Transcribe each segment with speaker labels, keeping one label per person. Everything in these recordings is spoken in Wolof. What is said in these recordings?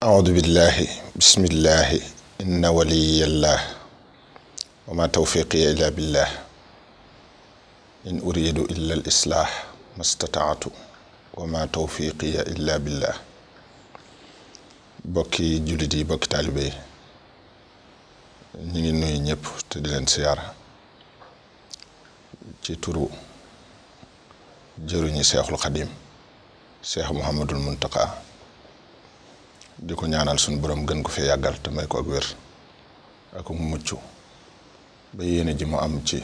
Speaker 1: أعوذ بالله بسم الله إن ولي الله وما توفيقي إلا بالله إن أريد إلا الإصلاح ما استطعت وما توفيقي إلا بالله bokki jullit bokki taalibe yi ngi nuyu ñëpp te di leen siyaara ci turu jëruñu seexul xadim seex muhammadul muntaka di ko ñaanal suñu boroom gën ko fi yàggal te may ko ak wér ak mucc ba yéene ji mu am ci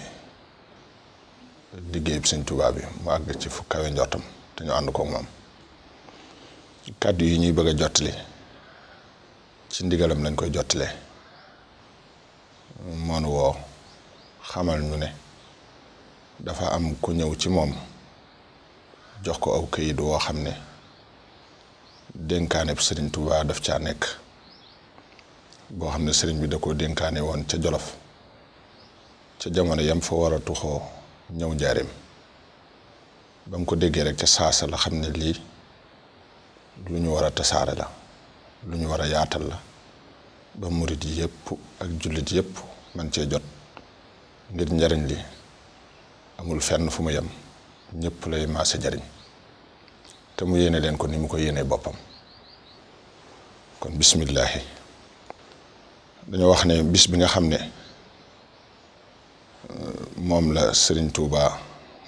Speaker 1: liggéeyub Sëñ tubaab yi mu àgg ci fu kawe njortam te ñu ànd koog moom kàddu yi ñuy bëgg a jottali ci ndigalam lañ koy jottalee moonu woo xamal ñu ne dafa am ku ñëw ci moom jox ko aw këyit woo xam ne dénkaane sëriñ Touba daf caa nekk boo xam ne sëriñ bi da ko dénkaane woon ca Jolof ca jamono yam fa war a tuxoo ñëw njaareem ba mu ko déggee rek ca saasa la xam ne lii lu ñu war a tasaare la lu ñu war a yaatal la ba murit yi yëpp ak jullit yépp man cee jot ngir njariñ li amul fenn fu mu yem ñëpp lay maase jariñ te mu yéene leen ko ni mu ko yéenee boppam kon bismillahi dañoo wax ne bis bi nga xam ne euh, moom la Sëriñ Tuuba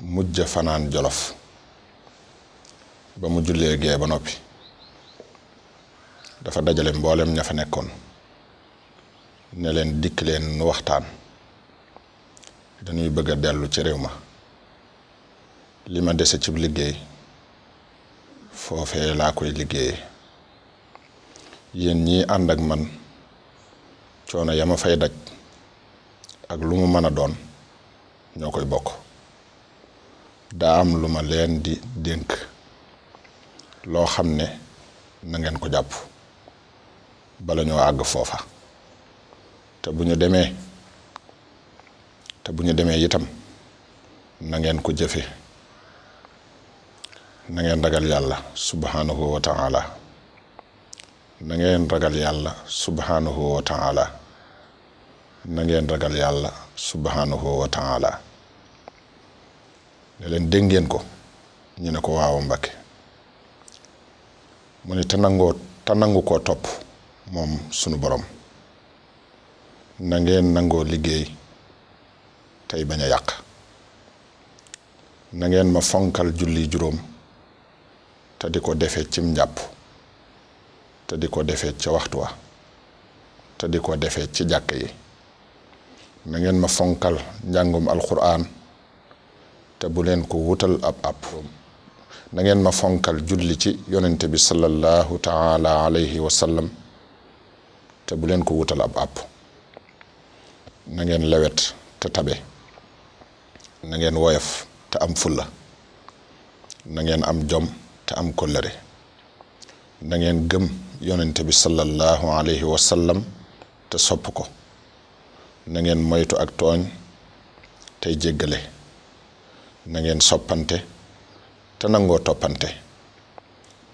Speaker 1: mujj fanaan jolof ba mu jullee gee ba noppi dafa dajale mboolem ña fa nekkoon ne leen dikk leen nu waxtaan dañuy bëgg a dellu ci réew ma li ma dese ci liggéey foofee laa koy liggéeye yéen ñii ànd ak man coono yama fay daj ak lu mu mën a doon ñoo koy bokk daa am lu ma leen di dénk loo xam ne na ngeen ko jàpp bala ñoo àgg foofa te bu ñu demee te bu ñu demee itam na ngeen ko jëfe nangeen ngeen ragal yàlla subhanahu wa ta'ala na ngeen ragal yàlla subhanahu wa ta'ala na ngeen ragal yàlla subhanahu wa ta'ala ne leen dégg ngeen ko ñu ne ko waaw Mbàkke mu ne te te nangu koo topp moom sunu borom na ngeen nangoo liggéey tey bañ a yàq nangeen ma fonkal julli juróom te di ko defee cim njàpp te di ko defee ca waxtu wa te di ko defee ci jàkk yi na ngeen ma fonkal njàngum alquran te bu leen ko wutal ab ab na ngeen ma fonkal julli ci yonente bi sallallahu taala alayhi wa sallam te bu leen ko wutal ab app na ngeen lewet te tabe na ngeen woyof te am fulla na ngeen am jom te am kóllëre na ngeen gëm yonente bi sallallahu alayhi wa sallam te sopp ko na ngeen moytu ak tooñ tey jéggale na ngeen soppante te nangoo toppante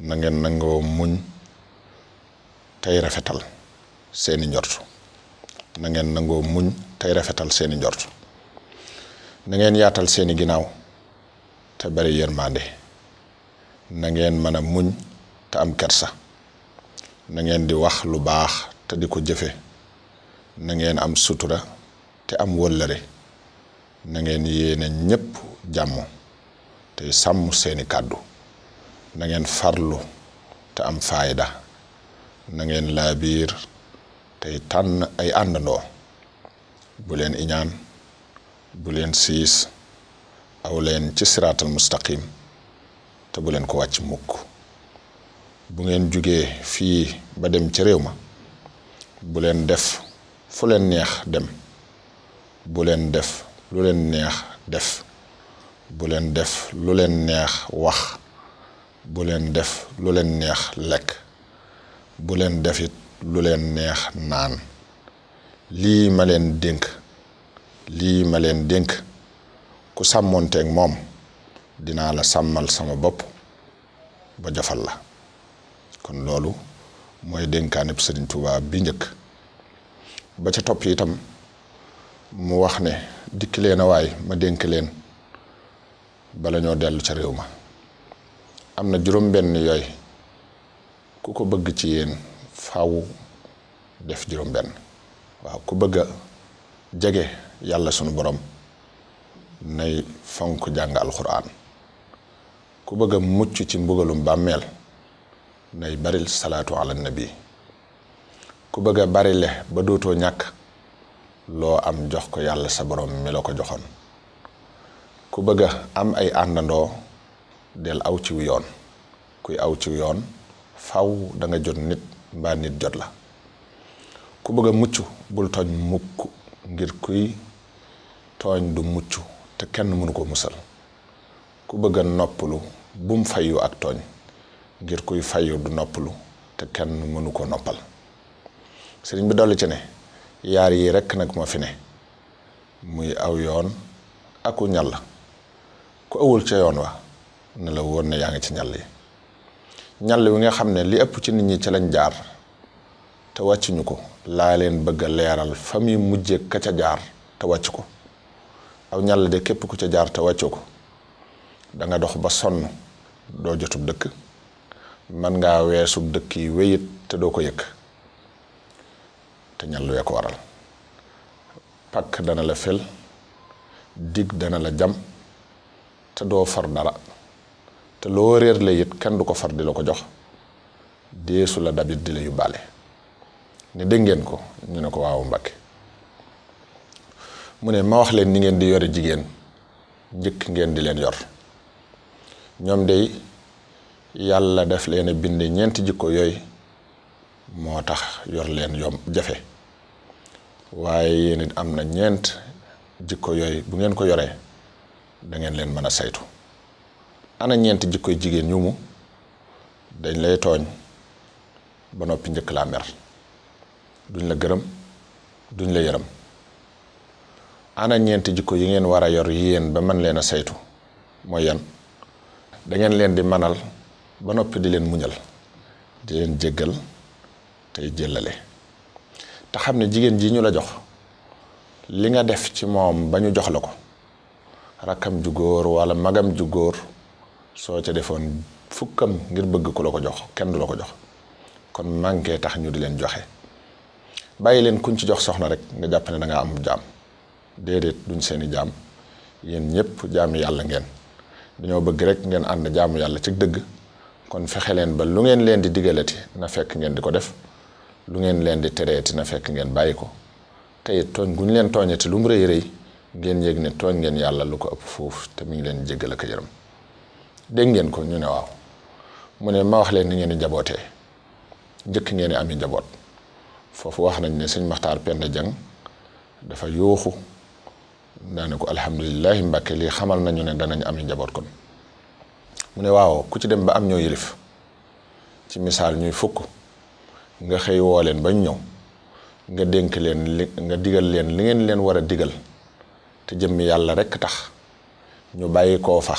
Speaker 1: na ngeen nangoo muñ tey rafetal seeni njortu na ngeen nangoo muñ tey rafetal seeni njortu na ngeen yaatal seeni ginnaaw te bari na ngeen mën a muñ te am kersa na ngeen di wax lu baax te di ko jëfe na ngeen am sutura te am wëllëre na ngeen yéene ñépp jàmm te sàmm seeni kàddu na ngeen farlu te am faayda na ngeen laabiir tey tànn ay àndandoo bu leen iñaan bu leen siis aw leen ci siraatal mustaqim te bu leen ko wàcc mukk bu ngeen jógee fii ba dem ca réew ma bu leen def fu leen neex dem bu leen def lu leen neex def bu def lu leen neex wax bu leen def lu leen neex lekk bu leen def it lu leen neex naan lii ma leen dénk lii ma leen dénk ku sàmmoonteek moom dinaa la sàmmal sama bopp ba jofal la kon loolu mooy dénkaanib Sëriñ Tuubaa bi njëkk ba ca topp itam mu wax ne dikk leen a waay ma dénk leen bala ñoo dellu ca réew ma am na juróom benn yooyu ku ko bëgg ci yéen faw def juróom benn waaw ku bëgg jege yàlla sunu boroom nay fonk jàng alxuraan ku bëgg a mucc ci mbugalum bàmmeel nay baril salaatu ala nabi ku bëgg a barile ba dootoo ñàkk loo am jox ko yàlla sa borom mi la ko joxoon ku bëgg am ay àndandoo del aw ci yoon kuy aw ci yoon faw danga jot nit mbaa nit jot la ku bëgg a mucc bul tooñ mukk ngir kuy tooñ du mucc te kenn mënu ko musal ku bëgg a noppalu bum fayu ak tooñ ngir kuy fayu du noppalu te kenn mënu ko noppal sëriñ bi dolli ci ne yaar yi rekk nag moo fi ne muy aw yoon aku ñal ku ëwul ca yoon wa ne la wóor ne yaa ngi ci ñal yi ñal wi nga xam ne li ëpp ci nit ñi ci lañ jaar te wàccuñu ko laa leen bëgg a leeral fa muy mujjee ka ca jaar te wàcc ko aw ñal de képp ku ca jaar te wàccoo ko danga dox ba sonn doo jotub dëkk man nga weesub dëkk yi wéyit te doo ko yëkk te ñal wee ko waral pakk dana la fel dig dana la jam te doo far dara te loo réer la kenn du ko far di la ko jox deesu la dabit di la yóbbaale ne dégg ngeen ko ñu ne ko waaw Mbàkke mu ne ma wax leen ni ngeen di yore jigéen njëkk ngeen di leen yor ñoom day yàlla def leen bind ñeenti jikko yooyu moo tax yor leen yom jafe waaye yéen it am na ñeent jikko yooyu bu ngeen ko yoree dangeen leen mën a saytu ana ñeent jikko jigéen ñu dañ lay tooñ ba noppi njëkk laa mer duñ la gërëm duñ la yërëm ana ñeenti jikko yi ngeen war a yor yéen ba mën leen a saytu mooy yan dangeen leen di manal ba noppi di leen muñal di leen jéggal tey jëllale te xam ne jigéen ji ñu la jox li nga def ci moom ba ñu jox la ko rakkam ju góor walla magam ju góor soo ca defoon fukkam ngir bëgg ku la ko jox kenn du la ko jox kon manqué tax ñu di leen joxe bàyyi leen kuñ ci jox soxna rek nga jàpp ne da am jaam déedéet duñ seeni jaam yéen ñëpp jaami yàlla ngeen. dañoo bëgg rek ngeen ànd jaamu yàlla ci dëgg kon fexe leen ba lu ngeen leen di digalati na fekk ngeen di ko def lu ngeen leen di tereeti na fekk ngeen bàyyi ko tey tooñ gu ñu leen tooñati lu mu rëy rëy ngeen yëg ne tooñ ngeen yàlla lu ko ëpp foofu te mi ngi leen jéggal ak yërëm dégg ngeen ko ñu ne waaw mu ne ma wax leen ni ngeen di jabootee njëkk ngeen di am njaboot foofu wax nañ ne suñ Maxtaar Penda Jang dafa yuuxu daa ne ko alhamdulilahi mbàkke lii xamal nañu ne danañ am njaboot kon mu ne waaw ku ci dem ba am ñoo yëlif ci misaal ñuy fukk nga xëy woo leen bañ ñëw nga dénk leen nga digal leen li ngeen leen war a digal te jëmmi yàlla rekk tax ñu bàyyi koo fa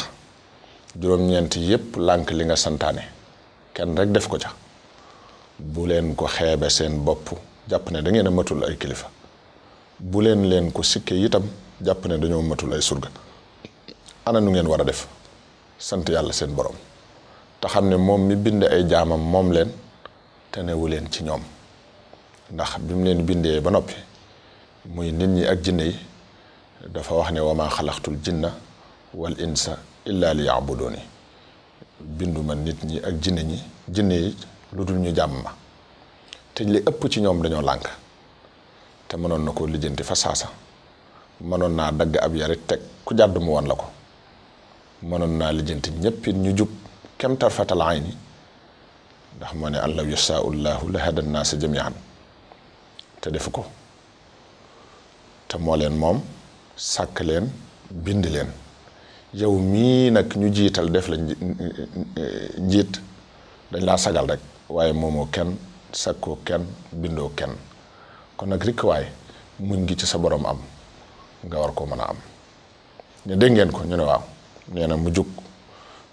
Speaker 1: juróom-ñeent yépp lànk li nga santaane kenn rek def ko ca bu leen ko xeebe seen bopp jàpp ne dangeen a matul ay kilifa bu leen leen ko sikke itam jàpp ne dañoo matul ay surga ana nu ngeen war a def sant yàlla seen borom te xam ne moom mi bind ay jaamam moom leen te leen ci ñoom ndax bi mu leen bindee ba noppi muy nit ñi ak jinne yi dafa wax ne wama xalaxtul jinna wal insa illa li yaabuduni binduma nit ñi ak jinne ñi jinne yi lu dul ñu jàmm ma te li ëpp ci ñoom dañoo lànk te mënoon na ko lijjanti fa saasa mënoon naa dagg ab yarit teg ku jàdd mu woon la ko mënoon naa lijjanti ñëpp it ñu jub kem tarfatal ayni ndax moo ne allaw yasaau llahu la hada nnaasa jamian te defu ko te moo leen moom sàkk leen bind leen yow mii nag ñu jiital def la njiit dañ laa sagal rek waaye moomoo kenn sakkoo kenn bindoo kenn kon nag rikk waay muñ gi ci sa borom am nga war ko mën a am ñu dégg ko ñu ne waaw ñeena mu jug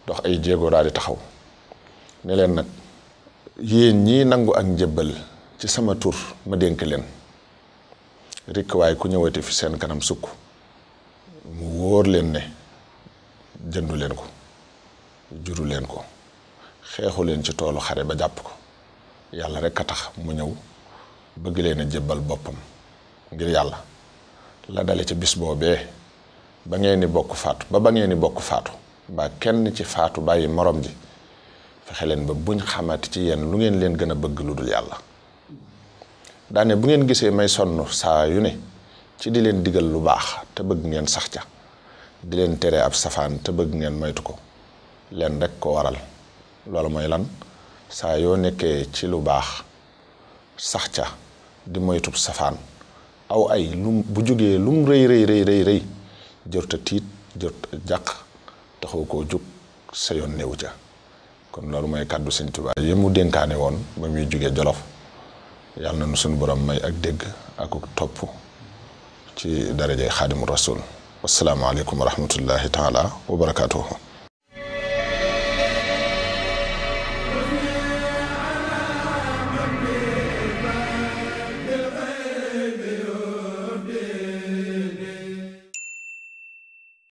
Speaker 1: dox ay jéego daal di taxaw ni leen nag yéen ñi nangu ak njëbbal ci sama tur ma dénk leen rikk waaye ku ñëwati fi seen kanam sukk mu wóor leen ne jëndu leen ko juru leen ko xeexu leen ci toolu xare ba jàpp ko yàlla rek a tax mu ñëw bëgg leen a jébbal boppam ngir yàlla la dale ca bis boobee ba ngeen ni bokk faatu ba ba ngeen ni bokk faatu mbaa kenn ci faatu bàyyi moroom ji fexe leen ba buñ xamati ci yenn lu ngeen leen gën a bëgg lu dul yàlla daane bu ngeen gisee may sonn saa yu ne ci di leen digal lu baax te bëgg ngeen sax ca di leen tere ab safaan te bëgg ngeen moytu ko leen rek ko waral loolu mooy lan saa yoo nekkee ci lu baax sax ca di moytub safaan aw ay lum bu jógee lum rëy rëy rëy rëy rëy jërta tiit jërta jàq taxaw koo jóg sa yoon ca kon loolu mooy kàddu sëñ Tuubaa yi mu dénkaane woon ba muy jógee Jolof yàlla na nu suñu borom may ak dégg ak topp ci darajay xaadimu rasul wasalaamaaleykum wa rahmatullahi taala wa barakaatuhu